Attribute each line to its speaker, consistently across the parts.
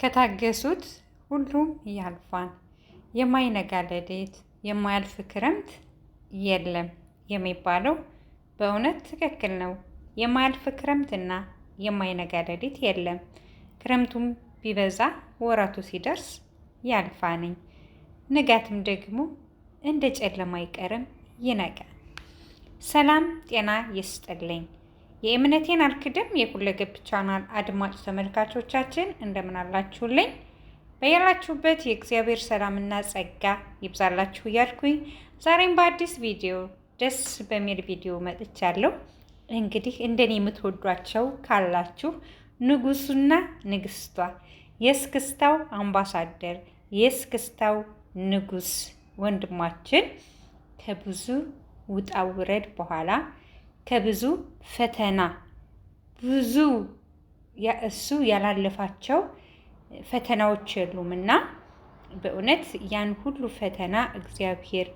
Speaker 1: ከታገሱት ሁሉም ያልፋል። የማይነጋ የማያልፍ ክረምት የለም የሚባለው በእውነት ትክክል ነው። የማያልፍ ክረምትና የማይነጋ ለሊት የለም። ክረምቱም ቢበዛ ወራቱ ሲደርስ ያልፋንኝ፣ ንጋትም ደግሞ እንደ ጨለማ አይቀርም ይነቀ። ሰላም ጤና ይስጥልኝ። የእምነቴን አልክድም የሁለገብ ቻናል አድማጭ ተመልካቾቻችን እንደምን አላችሁልኝ? በያላችሁበት የእግዚአብሔር ሰላምና ጸጋ ይብዛላችሁ እያልኩኝ ዛሬም በአዲስ ቪዲዮ ደስ በሚል ቪዲዮ መጥቻለሁ። እንግዲህ እንደኔ የምትወዷቸው ካላችሁ ንጉሱና ንግስቷ፣ የእስክስታው አምባሳደር፣ የእስክስታው ንጉስ ወንድማችን ከብዙ ውጣ ውረድ በኋላ ከብዙ ፈተና ብዙ እሱ ያላለፋቸው ፈተናዎች የሉም እና በእውነት ያን ሁሉ ፈተና እግዚአብሔር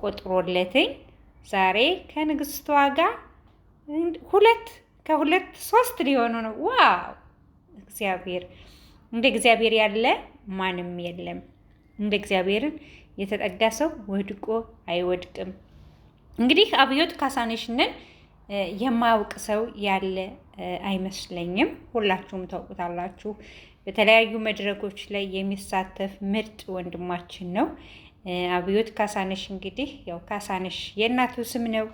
Speaker 1: ቆጥሮለትኝ ዛሬ ከንግስቷ ጋር ሁለት ከሁለት ሶስት ሊሆኑ ነው። ዋው እግዚአብሔር እንደ እግዚአብሔር ያለ ማንም የለም። እንደ እግዚአብሔርን የተጠጋ ሰው ወድቆ አይወድቅም። እንግዲህ አብዮት ካሳነሽንን የማያውቅ ሰው ያለ አይመስለኝም። ሁላችሁም ታውቁታላችሁ። በተለያዩ መድረኮች ላይ የሚሳተፍ ምርጥ ወንድማችን ነው አብዮት ካሳነሽ። እንግዲህ ያው ካሳነሽ የእናቱ ስም ነው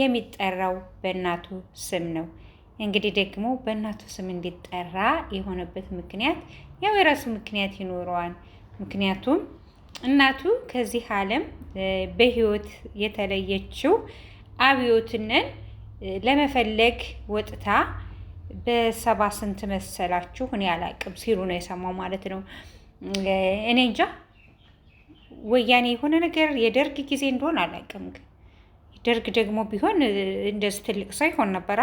Speaker 1: የሚጠራው፣ በእናቱ ስም ነው። እንግዲህ ደግሞ በእናቱ ስም እንዲጠራ የሆነበት ምክንያት ያው የራሱ ምክንያት ይኖረዋል። ምክንያቱም እናቱ ከዚህ ዓለም በሕይወት የተለየችው አብዮትነን ለመፈለግ ወጥታ በሰባ ስንት መሰላችሁ እኔ አላቅም ሲሉ ነው የሰማው ማለት ነው። እኔ እንጃ ወያኔ የሆነ ነገር የደርግ ጊዜ እንደሆን አላቅም። ደርግ ደግሞ ቢሆን እንደዚህ ትልቅ ሰው ይሆን ነበራ።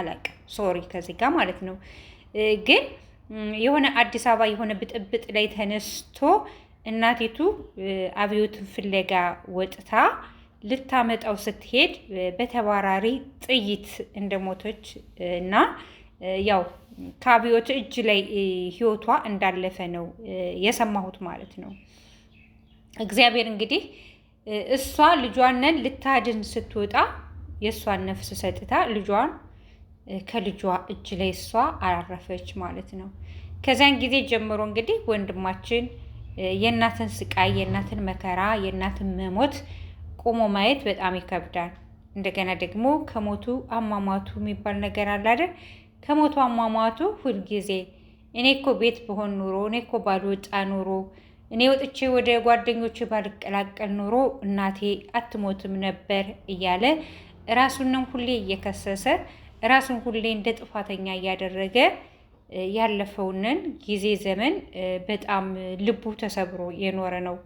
Speaker 1: አላቅም ሶሪ፣ ከዚህ ጋር ማለት ነው። ግን የሆነ አዲስ አበባ የሆነ ብጥብጥ ላይ ተነስቶ እናቲቱ አብዮትን ፍለጋ ወጥታ ልታመጣው ስትሄድ በተባራሪ ጥይት እንደሞተች እና ያው ከአብዮት እጅ ላይ ህይወቷ እንዳለፈ ነው የሰማሁት ማለት ነው። እግዚአብሔር እንግዲህ እሷ ልጇንን ልታድን ስትወጣ የእሷን ነፍስ ሰጥታ ልጇን ከልጇ እጅ ላይ እሷ አላረፈች ማለት ነው። ከዚያን ጊዜ ጀምሮ እንግዲህ ወንድማችን የእናትን ስቃይ፣ የእናትን መከራ፣ የእናትን መሞት ቆሞ ማየት በጣም ይከብዳል። እንደገና ደግሞ ከሞቱ አሟሟቱ የሚባል ነገር አለ አይደል? ከሞቱ አሟሟቱ ሁልጊዜ እኔ እኮ ቤት በሆን ኑሮ፣ እኔ እኮ ባልወጣ ኑሮ፣ እኔ ወጥቼ ወደ ጓደኞች ባልቀላቀል ኑሮ እናቴ አትሞትም ነበር እያለ ራሱንም ሁሌ እየከሰሰ ራሱን ሁሌ እንደ ጥፋተኛ እያደረገ ያለፈውንን ጊዜ ዘመን በጣም ልቡ ተሰብሮ የኖረ ነው።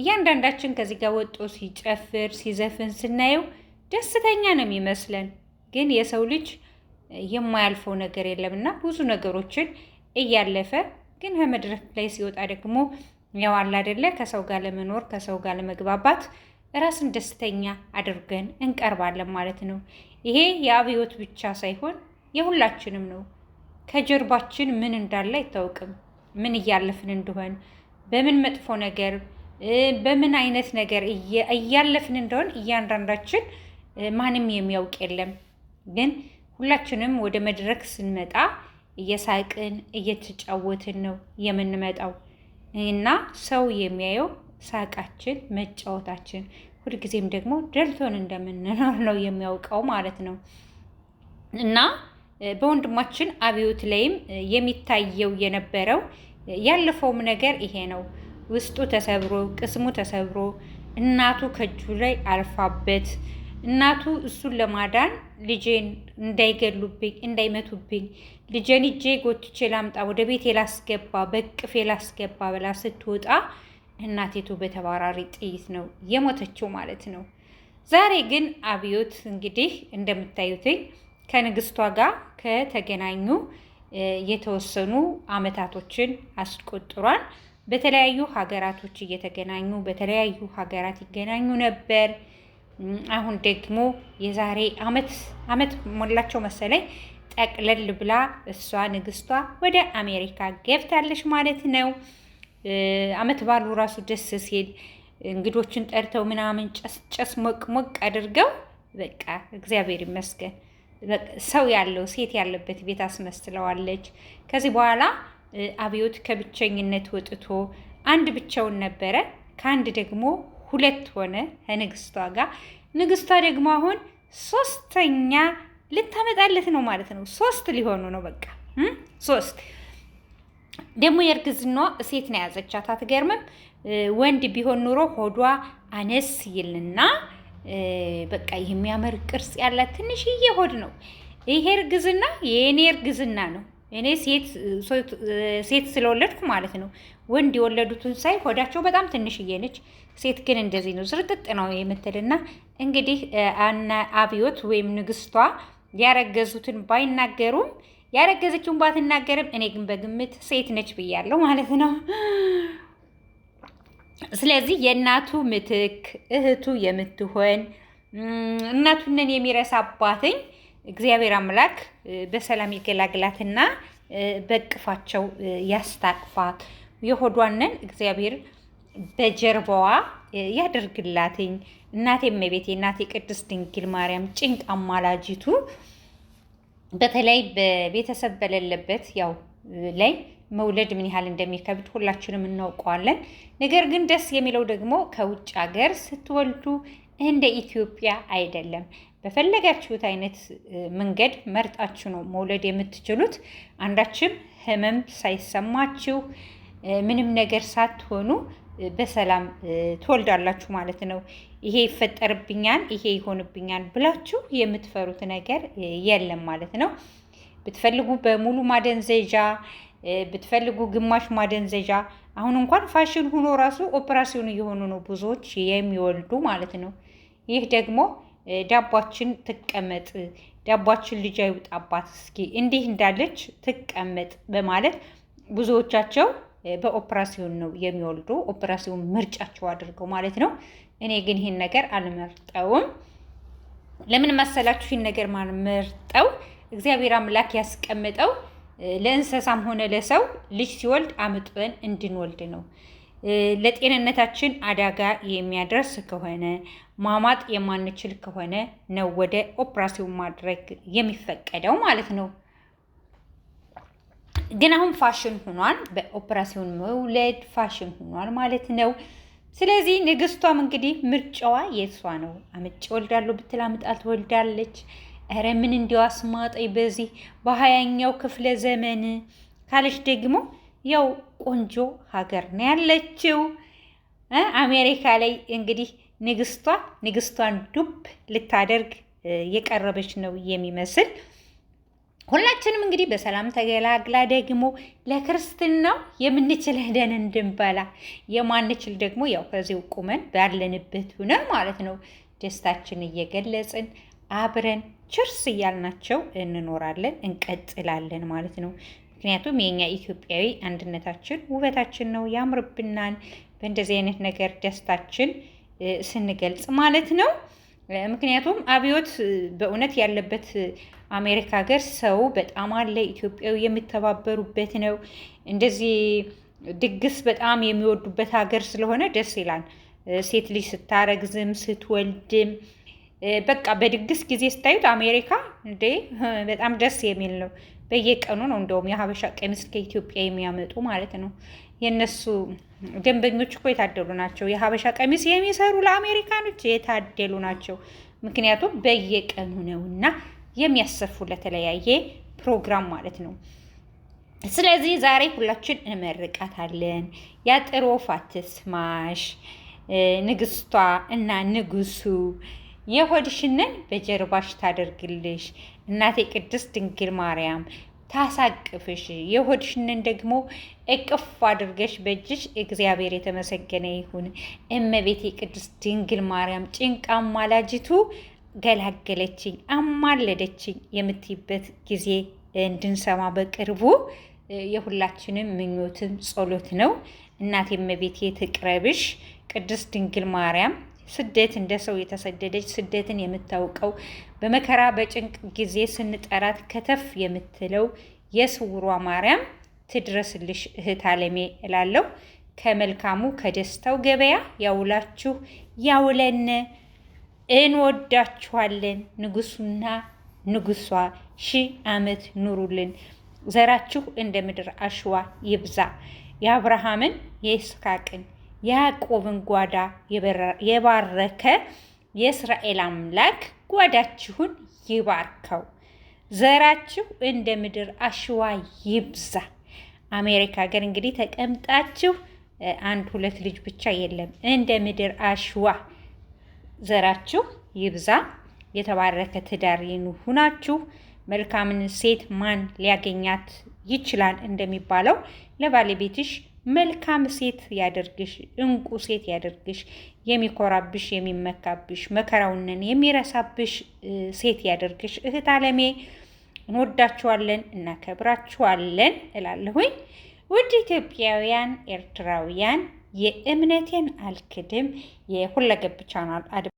Speaker 1: እያንዳንዳችን ከዚህ ጋር ወጦ ሲጨፍር ሲዘፍን ስናየው ደስተኛ ነው የሚመስለን። ግን የሰው ልጅ የማያልፈው ነገር የለም እና ብዙ ነገሮችን እያለፈ ግን ከመድረክ ላይ ሲወጣ ደግሞ ያው አለ አይደለ ከሰው ጋር ለመኖር ከሰው ጋር ለመግባባት ራስን ደስተኛ አድርገን እንቀርባለን ማለት ነው። ይሄ የአብዮት ብቻ ሳይሆን የሁላችንም ነው። ከጀርባችን ምን እንዳለ አይታወቅም። ምን እያለፍን እንደሆን በምን መጥፎ ነገር በምን አይነት ነገር እያለፍን እንደሆን እያንዳንዳችን ማንም የሚያውቅ የለም። ግን ሁላችንም ወደ መድረክ ስንመጣ እየሳቅን እየተጫወትን ነው የምንመጣው እና ሰው የሚያየው ሳቃችን፣ መጫወታችን ሁልጊዜም ደግሞ ደልቶን እንደምንኖር ነው የሚያውቀው ማለት ነው እና በወንድማችን አብዮት ላይም የሚታየው የነበረው ያለፈውም ነገር ይሄ ነው። ውስጡ ተሰብሮ ቅስሙ ተሰብሮ እናቱ ከእጁ ላይ አርፋበት እናቱ እሱን ለማዳን ልጄን እንዳይገሉብኝ እንዳይመቱብኝ ልጄን እጄ ጎትቼ ላምጣ ወደ ቤት የላስገባ በቅፍ ላስገባ ብላ ስትወጣ እናቴቱ በተባራሪ ጥይት ነው የሞተችው ማለት ነው። ዛሬ ግን አብዮት እንግዲህ እንደምታዩትኝ ከንግስቷ ጋር ከተገናኙ የተወሰኑ አመታቶችን አስቆጥሯል። በተለያዩ ሀገራቶች እየተገናኙ በተለያዩ ሀገራት ይገናኙ ነበር። አሁን ደግሞ የዛሬ አመት አመት ሞላቸው መሰለኝ ጠቅለል ብላ እሷ ንግስቷ ወደ አሜሪካ ገብታለች ማለት ነው። አመት ባሉ ራሱ ደስ ሲል እንግዶችን ጠርተው ምናምን ጨስ ሞቅ ሞቅ አድርገው በቃ እግዚአብሔር ይመስገን ሰው ያለው ሴት ያለበት ቤት አስመስለዋለች። ከዚህ በኋላ አብዮት ከብቸኝነት ወጥቶ አንድ ብቻውን ነበረ፣ ከአንድ ደግሞ ሁለት ሆነ ከንግስቷ ጋር። ንግስቷ ደግሞ አሁን ሶስተኛ ልታመጣለት ነው ማለት ነው። ሶስት ሊሆኑ ነው በቃ ሶስት ደግሞ የእርግዝና ሴት ነው ያዘቻት። አትገርምም? ወንድ ቢሆን ኑሮ ሆዷ አነስ ይልና በቃ የሚያምር ቅርጽ ያላት ትንሽዬ ሆድ ነው። ይሄ እርግዝና የእኔ እርግዝና ነው። እኔ ሴት ስለወለድኩ ማለት ነው። ወንድ የወለዱትን ሳይ ሆዳቸው በጣም ትንሽዬ ነች። ሴት ግን እንደዚህ ነው ዝርጥጥ ነው የምትልና እንግዲህ አብዮት ወይም ንግስቷ ያረገዙትን ባይናገሩም ያረገዘችውን ባትናገርም እኔ ግን በግምት ሴት ነች ብያለሁ ማለት ነው። ስለዚህ የእናቱ ምትክ እህቱ የምትሆን እናቱንን የሚረሳባትኝ እግዚአብሔር አምላክ በሰላም ይገላግላትና በቅፋቸው ያስታቅፋት። የሆዷንን እግዚአብሔር በጀርባዋ ያደርግላትኝ። እናቴ እመቤቴ፣ እናቴ ቅድስት ድንግል ማርያም ጭንቅ አማላጅቱ፣ በተለይ በቤተሰብ በሌለበት ያው ላይ መውለድ ምን ያህል እንደሚከብድ ሁላችንም እናውቀዋለን። ነገር ግን ደስ የሚለው ደግሞ ከውጭ ሀገር ስትወልዱ እንደ ኢትዮጵያ አይደለም። በፈለጋችሁት አይነት መንገድ መርጣችሁ ነው መውለድ የምትችሉት። አንዳችም ህመም ሳይሰማችሁ ምንም ነገር ሳትሆኑ በሰላም ትወልዳላችሁ ማለት ነው። ይሄ ይፈጠርብኛል፣ ይሄ ይሆንብኛል ብላችሁ የምትፈሩት ነገር የለም ማለት ነው። ብትፈልጉ በሙሉ ማደንዘዣ ብትፈልጉ ግማሽ ማደንዘዣ። አሁን እንኳን ፋሽን ሆኖ ራሱ ኦፕራሲዮን እየሆኑ ነው ብዙዎች የሚወልዱ ማለት ነው። ይህ ደግሞ ዳቧችን ትቀመጥ፣ ዳቧችን ልጅ አይውጣባት፣ እስኪ እንዲህ እንዳለች ትቀመጥ በማለት ብዙዎቻቸው በኦፕራሲዮን ነው የሚወልዱ። ኦፕራሲዮን ምርጫቸው አድርገው ማለት ነው። እኔ ግን ይህን ነገር አልመርጠውም። ለምን መሰላችሁ? ይህን ነገር ማልመርጠው እግዚአብሔር አምላክ ያስቀመጠው ለእንስሳም ሆነ ለሰው ልጅ ሲወልድ አምጥበን እንድንወልድ ነው። ለጤንነታችን አደጋ የሚያደርስ ከሆነ ማማጥ የማንችል ከሆነ ነው ወደ ኦፕራሲውን ማድረግ የሚፈቀደው ማለት ነው። ግን አሁን ፋሽን ሆኗል፣ በኦፕራሲውን መውለድ ፋሽን ሆኗል ማለት ነው። ስለዚህ ንግስቷም እንግዲህ ምርጫዋ የሷ ነው። አምጬ ወልዳለሁ ብትል አምጣ ትወልዳለች። እረ ምን እንዲያው አስማጠኝ በዚህ በሀያኛው ክፍለ ዘመን ካለች ደግሞ ያው ቆንጆ ሀገር ነው ያለችው አሜሪካ ላይ እንግዲህ ንግስቷ ንግስቷን ዱብ ልታደርግ የቀረበች ነው የሚመስል። ሁላችንም እንግዲህ በሰላም ተገላግላ ደግሞ ለክርስትናው የምንችል ሄደን እንድንበላ የማንችል ደግሞ ያው ከዚው ቁመን ባለንበት ሆነ ማለት ነው ደስታችን እየገለጽን አብረን ችርስ እያልናቸው እንኖራለን እንቀጥላለን ማለት ነው። ምክንያቱም የኛ ኢትዮጵያዊ አንድነታችን ውበታችን ነው፣ ያምርብናል። በእንደዚህ አይነት ነገር ደስታችን ስንገልጽ ማለት ነው። ምክንያቱም አብዮት በእውነት ያለበት አሜሪካ ሀገር ሰው በጣም አለ፣ ኢትዮጵያዊ የሚተባበሩበት ነው። እንደዚህ ድግስ በጣም የሚወዱበት ሀገር ስለሆነ ደስ ይላል። ሴት ልጅ ስታረግዝም ስትወልድም በቃ በድግስ ጊዜ ስታዩት አሜሪካ እንዴ በጣም ደስ የሚል ነው። በየቀኑ ነው እንደውም የሀበሻ ቀሚስ ከኢትዮጵያ የሚያመጡ ማለት ነው። የእነሱ ደንበኞች እኮ የታደሉ ናቸው። የሀበሻ ቀሚስ የሚሰሩ ለአሜሪካኖች የታደሉ ናቸው። ምክንያቱም በየቀኑ ነው እና የሚያሰፉ ለተለያየ ፕሮግራም ማለት ነው። ስለዚህ ዛሬ ሁላችን እንመርቃታለን። ያጥሮ ፋትስማሽ ንግስቷ እና ንጉሱ የሆድሽንን በጀርባሽ ታደርግልሽ እናቴ ቅድስት ድንግል ማርያም ታሳቅፍሽ የሆድሽንን ደግሞ እቅፍ አድርገሽ በእጅሽ እግዚአብሔር የተመሰገነ ይሁን። እመቤቴ ቅድስት ድንግል ማርያም ጭንቅ አማላጅቱ ገላገለችኝ፣ አማለደችኝ የምትይበት ጊዜ እንድንሰማ በቅርቡ የሁላችንም ምኞትም ጸሎት ነው። እናቴ እመቤቴ ትቅረብሽ ቅድስት ድንግል ማርያም ስደት እንደ ሰው የተሰደደች ስደትን የምታውቀው በመከራ በጭንቅ ጊዜ ስንጠራት ከተፍ የምትለው የስውሯ ማርያም ትድረስልሽ እህት አለሜ እላለሁ። ከመልካሙ ከደስታው ገበያ ያውላችሁ ያውለን። እንወዳችኋለን። ንጉሱና ንጉሷ ሺህ ዓመት ኑሩልን። ዘራችሁ እንደ ምድር አሸዋ ይብዛ። የአብርሃምን የይስሐቅን ያዕቆብን ጓዳ የባረከ የእስራኤል አምላክ ጓዳችሁን ይባርከው፣ ዘራችሁ እንደ ምድር አሸዋ ይብዛ። አሜሪካ ሀገር እንግዲህ ተቀምጣችሁ አንድ ሁለት ልጅ ብቻ የለም፣ እንደ ምድር አሸዋ ዘራችሁ ይብዛ። የተባረከ ትዳር ይሁናችሁ። መልካምን ሴት ማን ሊያገኛት ይችላል እንደሚባለው ለባለቤትሽ መልካም ሴት ያደርግሽ፣ እንቁ ሴት ያደርግሽ፣ የሚኮራብሽ፣ የሚመካብሽ፣ መከራውንን የሚረሳብሽ ሴት ያደርግሽ። እህት አለሜ እንወዳችኋለን፣ እናከብራችኋለን እላለሁኝ። ውድ ኢትዮጵያውያን ኤርትራውያን፣ የእምነቴን አልክድም የሁለገብ ቻናል